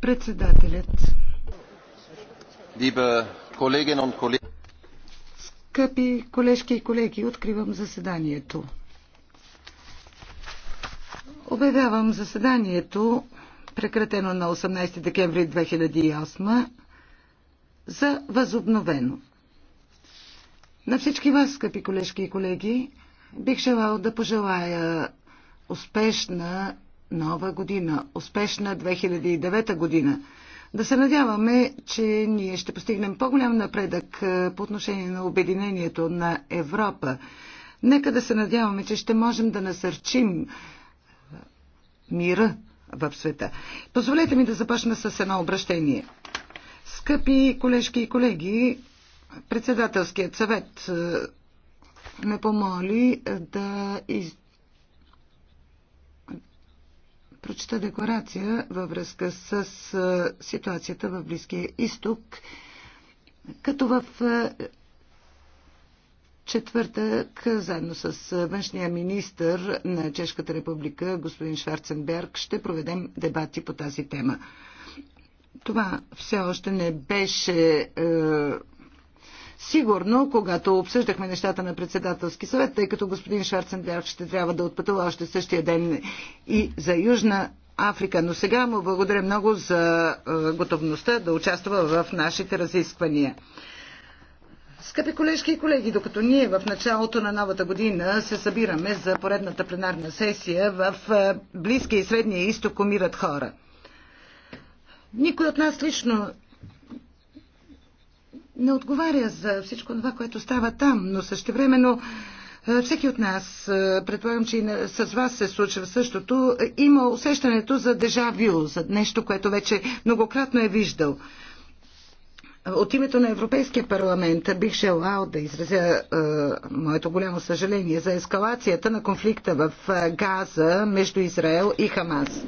Председателят. Скъпи колежки и колеги, откривам заседанието. Обявявам заседанието, прекратено на 18 декември 2008, за възобновено. На всички вас, скъпи колежки и колеги, бих желал да пожелая успешна нова година, успешна 2009 година. Да се надяваме, че ние ще постигнем по-голям напредък е, по отношение на обединението на Европа. Нека да се надяваме, че ще можем да насърчим е, мира в света. Позволете ми да започна с едно обращение. Скъпи колежки и колеги, председателският съвет е, ме помоли да из прочета декларация във връзка с ситуацията в Близкия изток, като в четвъртък, заедно с външния министр на Чешката република, господин Шварценберг, ще проведем дебати по тази тема. Това все още не беше Сигурно, когато обсъждахме нещата на председателски съвет, тъй като господин Шварценберг ще трябва да отпътува още същия ден и за Южна Африка, но сега му благодаря много за е, готовността да участва в нашите разисквания. Скъпи колежки и колеги, докато ние в началото на новата година се събираме за поредната пленарна сесия в е, Близкия и Средния изток умират хора. Никой от нас лично не отговаря за всичко това, което става там, но същевременно е, всеки от нас, е, предполагам, че и с вас се случва същото, е, има усещането за дежавю, за нещо, което вече многократно е виждал. От името на Европейския парламент бих желал да изразя е, моето голямо съжаление за ескалацията на конфликта в Газа между Израел и Хамас.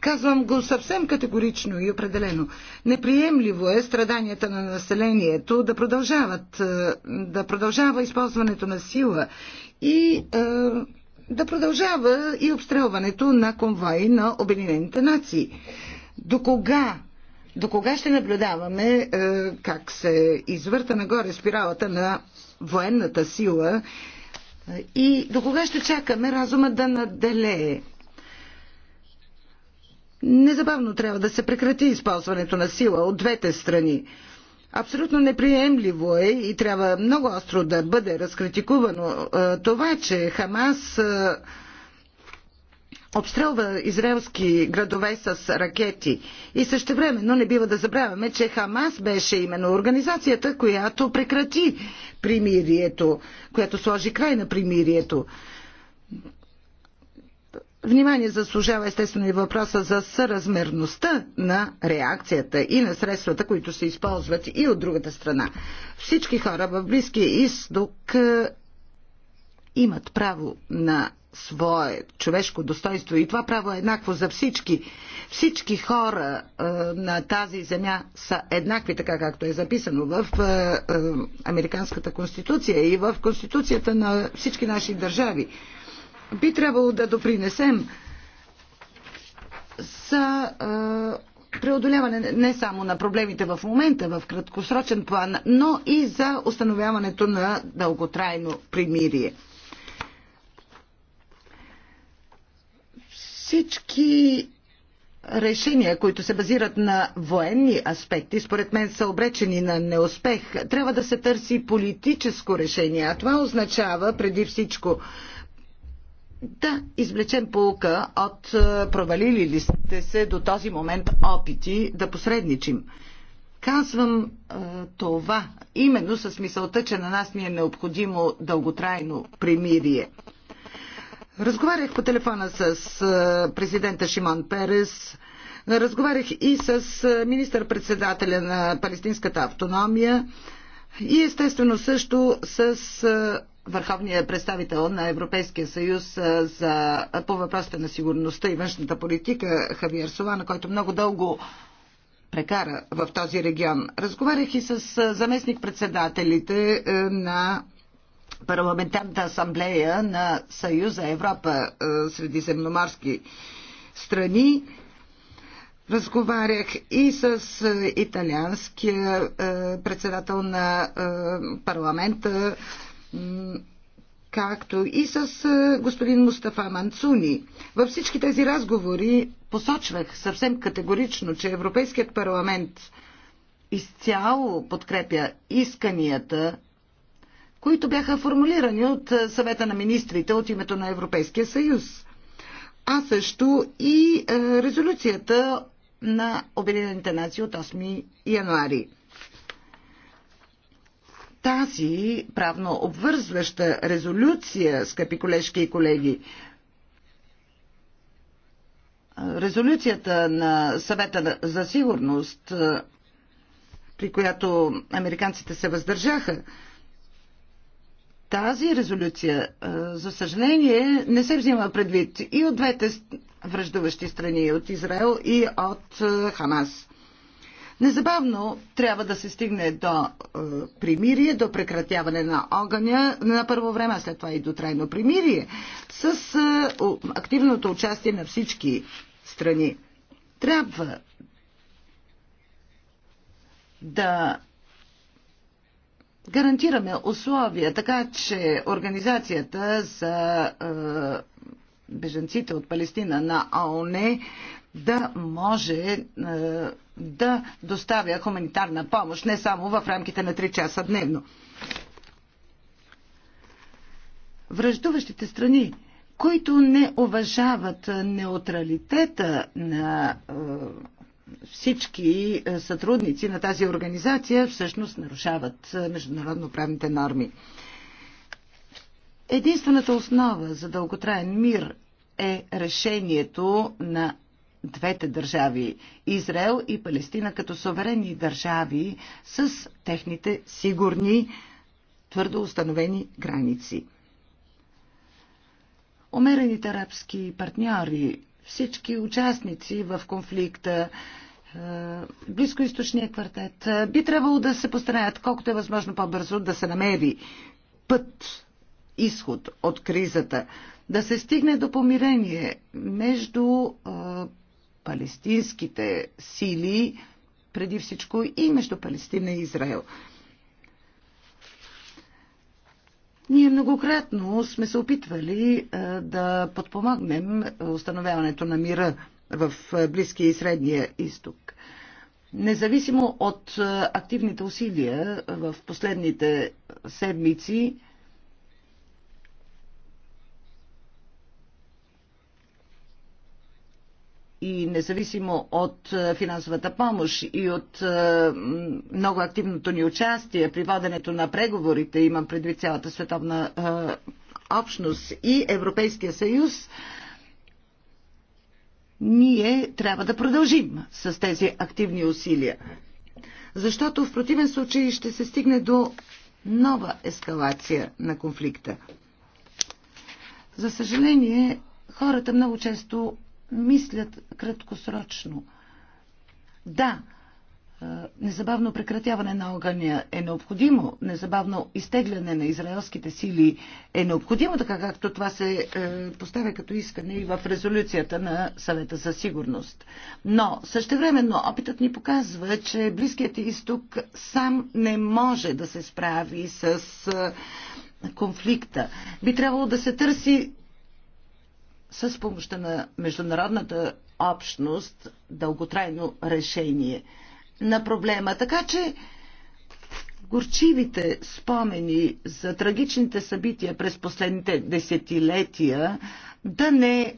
Казвам го съвсем категорично и определено. Неприемливо е страданията на населението да продължават, е, да продължава използването на сила и е, да продължава и обстрелването на конвои на Обединените нации. До кога до кога ще наблюдаваме е, как се извърта нагоре спиралата на военната сила е, и до кога ще чакаме разума да наделее? Незабавно трябва да се прекрати използването на сила от двете страни. Абсолютно неприемливо е и трябва много остро да бъде разкритикувано е, това, че Хамас е, обстрелва израелски градове с ракети. И също време, но не бива да забравяме, че Хамас беше именно организацията, която прекрати примирието, която сложи край на примирието. Внимание заслужава естествено и въпроса за съразмерността на реакцията и на средствата, които се използват и от другата страна. Всички хора в Близкия изток е, имат право на свое човешко достоинство и това право е еднакво за всички. Всички хора е, на тази земя са еднакви, така както е записано в е, е, Американската конституция и в конституцията на всички наши държави би трябвало да допринесем за преодоляване не само на проблемите в момента, в краткосрочен план, но и за установяването на дълготрайно примирие. Всички решения, които се базират на военни аспекти, според мен са обречени на неуспех. Трябва да се търси политическо решение, а това означава преди всичко да извлечем полка от е, провалили ли сте се до този момент опити да посредничим. Казвам е, това именно с мисълта, че на нас ни е необходимо дълготрайно примирие. Разговарях по телефона с е, президента Шимон Перес, разговарях и с е, министър-председателя на Палестинската автономия и естествено също с е, върховния представител на Европейския съюз за, по въпросите на сигурността и външната политика Хавиер Солана, който много дълго прекара в този регион. Разговарях и с заместник-председателите на Парламентарната асамблея на Съюза Европа среди земноморски страни. Разговарях и с италианския председател на парламента както и с господин Мустафа Манцуни. Във всички тези разговори посочвах съвсем категорично, че Европейският парламент изцяло подкрепя исканията, които бяха формулирани от съвета на министрите от името на Европейския съюз. А също и резолюцията на Обединените нации от 8 януари тази правно обвързваща резолюция, скъпи колежки и колеги, резолюцията на съвета за сигурност, при която американците се въздържаха, тази резолюция, за съжаление, не се взима предвид и от двете връждуващи страни, от Израел и от Хамас. Незабавно трябва да се стигне до е, примирие, до прекратяване на огъня на първо време, а след това и до трайно примирие, с е, активното участие на всички страни. Трябва да гарантираме условия, така че Организацията за е, беженците от Палестина на ООН да може е, да доставя хуманитарна помощ не само в рамките на 3 часа дневно. Връждуващите страни, които не уважават неутралитета на е, всички е, сътрудници на тази организация всъщност нарушават международно правните норми. Единствената основа за дълготраен мир е решението на двете държави Израел и Палестина като суверенни държави с техните сигурни, твърдо установени граници. Умерените арабски партньори, всички участници в конфликта, е, Близкоисточния квартет, е, би трябвало да се постараят колкото е възможно по-бързо да се намери път изход от кризата, да се стигне до помирение между а, палестинските сили, преди всичко и между Палестина и Израел. Ние многократно сме се опитвали а, да подпомогнем установяването на мира в Близкия и Средния изток. Независимо от активните усилия в последните седмици, и независимо от е, финансовата помощ и от е, много активното ни участие при воденето на преговорите, имам предвид цялата световна е, общност и Европейския съюз, ние трябва да продължим с тези активни усилия. Защото в противен случай ще се стигне до нова ескалация на конфликта. За съжаление, хората много често мислят краткосрочно. Да, незабавно прекратяване на огъня е необходимо, незабавно изтегляне на израелските сили е необходимо, така както това се е, поставя като искане и в резолюцията на съвета за сигурност. Но същевременно опитът ни показва, че Близкият изток сам не може да се справи с е, конфликта. Би трябвало да се търси с помощта на международната общност дълготрайно решение на проблема. Така че горчивите спомени за трагичните събития през последните десетилетия да не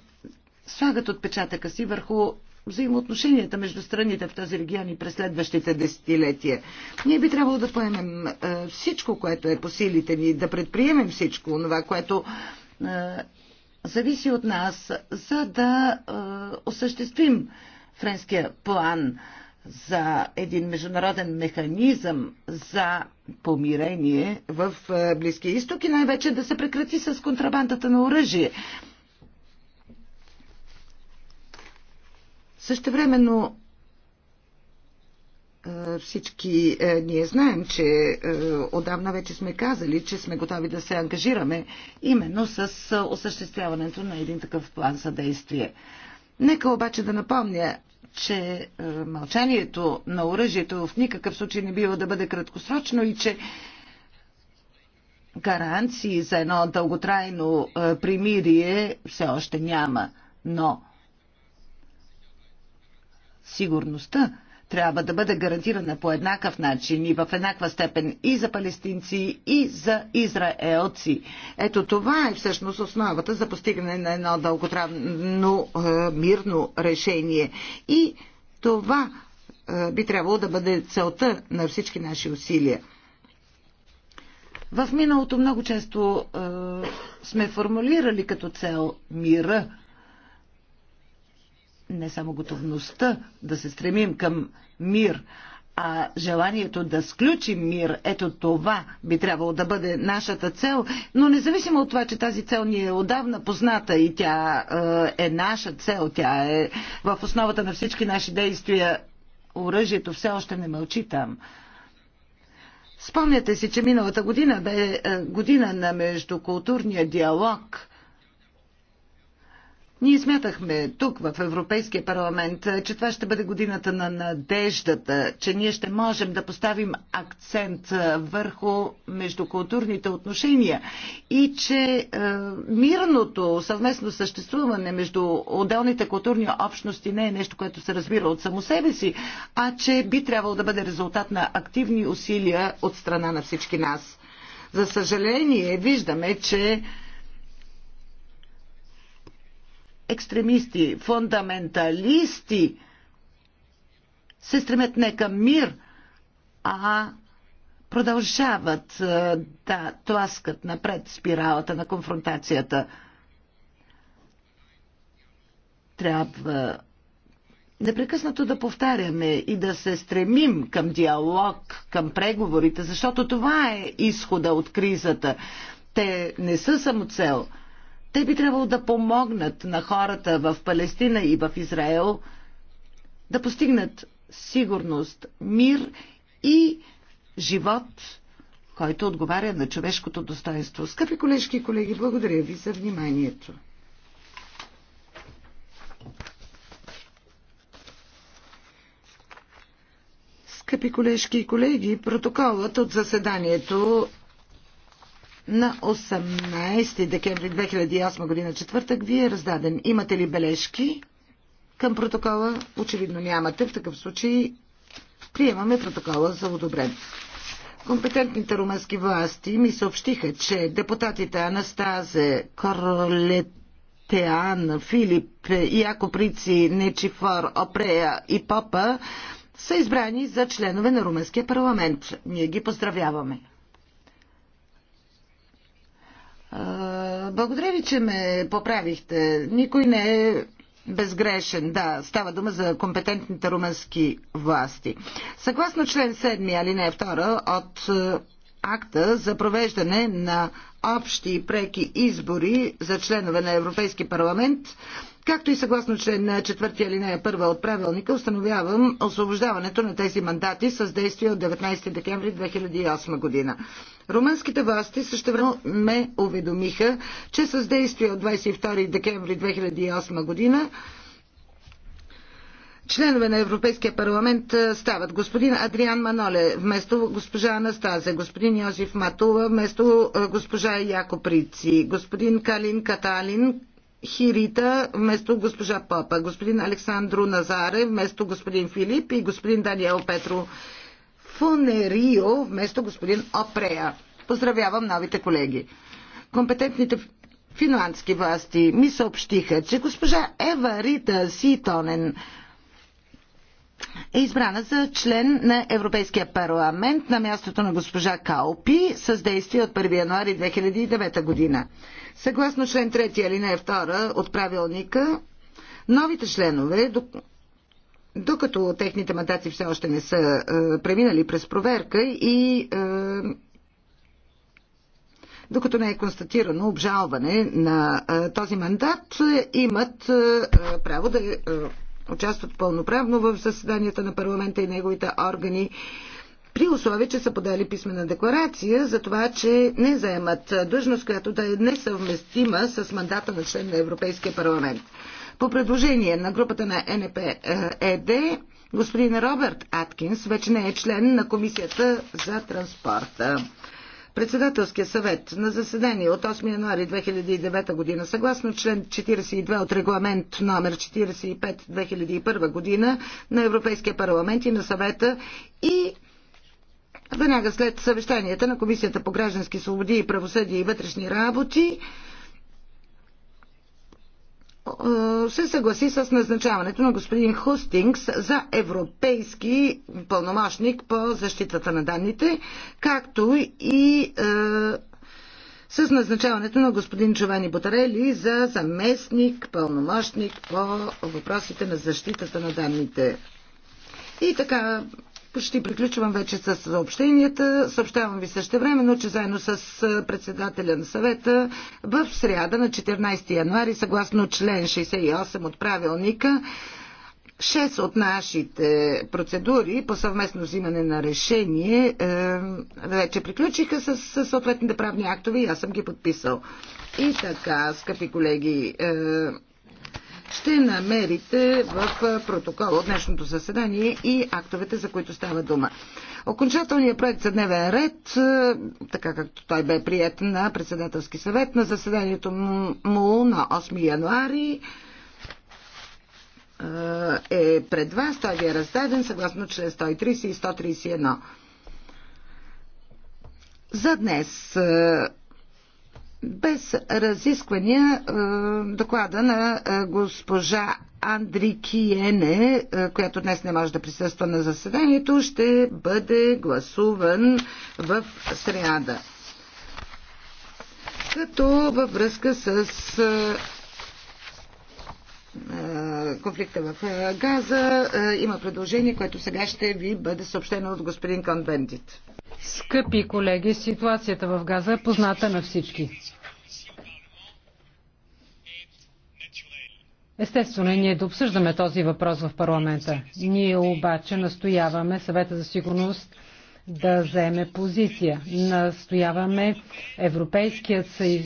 слагат отпечатъка си върху взаимоотношенията между страните в тази регион и през следващите десетилетия. Ние би трябвало да поемем е, всичко, което е по силите ни, да предприемем всичко това, което е, зависи от нас, за да е, осъществим френския план за един международен механизъм за помирение в е, Близкия изток и най-вече да се прекрати с контрабандата на оръжие. Същевременно всички е, ние знаем, че е, отдавна вече сме казали, че сме готови да се ангажираме именно с е, осъществяването на един такъв план за действие. Нека обаче да напомня, че мълчанието на оръжието в никакъв случай не бива да бъде краткосрочно и че гаранции за едно дълготрайно примирие все още няма. Но сигурността трябва да бъде гарантирана по еднакъв начин и в еднаква степен и за палестинци, и за израелци. Ето това е всъщност основата за постигане на едно дълготравно е, мирно решение. И това е, би трябвало да бъде целта на всички наши усилия. В миналото много често е, сме формулирали като цел мира, не само готовността да се стремим към мир, а желанието да сключим мир, ето това би трябвало да бъде нашата цел, но независимо от това, че тази цел ни е отдавна позната и тя е, е наша цел, тя е в основата на всички наши действия, оръжието все още не мълчи там. Спомняте си, че миналата година бе е, година на междукултурния диалог – ние смятахме тук в Европейския парламент, че това ще бъде годината на надеждата, че ние ще можем да поставим акцент върху междукултурните отношения и че е, мирното съвместно съществуване между отделните културни общности не е нещо, което се разбира от само себе си, а че би трябвало да бъде резултат на активни усилия от страна на всички нас. За съжаление, виждаме, че екстремисти, фундаменталисти се стремят не към мир, а продължават да тласкат напред спиралата на конфронтацията. Трябва непрекъснато да повтаряме и да се стремим към диалог, към преговорите, защото това е изхода от кризата. Те не са само цел – те би трябвало да помогнат на хората в Палестина и в Израел да постигнат сигурност, мир и живот, който отговаря на човешкото достоинство. Скъпи колежки и колеги, благодаря ви за вниманието. Скъпи колежки и колеги, протоколът от заседанието на 18 декември 2008 година, четвъртък, ви е раздаден. Имате ли бележки към протокола? Очевидно нямате. В такъв случай приемаме протокола за одобрен. Компетентните румънски власти ми съобщиха, че депутатите Анастазе Королетеан, Филип, Яко Прици, Нечифор, Опрея и Попа са избрани за членове на румънския парламент. Ние ги поздравяваме. Благодаря ви, че ме поправихте. Никой не е безгрешен. Да, става дума за компетентните румънски власти. Съгласно член 7, алинея 2 от акта за провеждане на общи и преки избори за членове на Европейски парламент, Както и съгласно член 4 алинея 1 от правилника, установявам освобождаването на тези мандати с действие от 19 декември 2008 година. Румънските власти също ме уведомиха, че с действие от 22 декември 2008 година Членове на Европейския парламент стават господин Адриан Маноле вместо госпожа Анастазе, господин Йозиф Матула вместо госпожа Яко Прици, господин Калин Каталин Хирита вместо госпожа Попа, господин Александро Назаре вместо господин Филип и господин Даниел Петро Фунерио вместо господин Опрея. Поздравявам новите колеги. Компетентните финландски власти ми съобщиха, че госпожа Ева Рита Ситонен е избрана за член на Европейския парламент на мястото на госпожа Калпи с действие от 1 януари 2009 година. Съгласно член 3 алинея 2 от правилника, новите членове, докато техните мандати все още не са е, преминали през проверка и е, докато не е констатирано обжалване на е, този мандат, имат е, право да е, участват пълноправно в заседанията на парламента и неговите органи, при условие, че са подали писмена декларация за това, че не заемат длъжност, която да е несъвместима с мандата на член на Европейския парламент. По предложение на групата на НП ЕД, е господин Робърт Аткинс вече не е член на Комисията за транспорта. Председателския съвет на заседание от 8 януари 2009 година, съгласно член 42 от регламент номер 45-2001 година на Европейския парламент и на съвета и веднага след съвещанията на Комисията по граждански свободи и правосъдие и вътрешни работи, е, се съгласи с назначаването на господин Хустингс за европейски пълномощник по защитата на данните, както и е, с назначаването на господин Джовани Ботарели за заместник пълномощник по въпросите на защитата на данните. И така, почти приключвам вече с съобщенията. Съобщавам ви също времено, че заедно с председателя на съвета в среда на 14 януари, съгласно член 68 от правилника, Шест от нашите процедури по съвместно взимане на решение е, вече приключиха с, с съответните правни актове и аз съм ги подписал. И така, скъпи колеги, е, ще намерите в протокола от днешното заседание и актовете, за които става дума. Окончателният проект за дневен ред, така както той бе прият на председателски съвет на заседанието му на 8 януари, е пред вас. Той ви е раздаден съгласно член 130 и 131. За днес без разисквания е, доклада на е, госпожа Андрикиене, е, която днес не може да присъства на заседанието, ще бъде гласуван в среда. Като във връзка с конфликта в Газа има предложение, което сега ще ви бъде съобщено от господин Канбендит. Скъпи колеги, ситуацията в Газа е позната на всички. Естествено, е ние да обсъждаме този въпрос в парламента. Ние обаче настояваме съвета за сигурност да вземе позиция. Настояваме Европейският съюз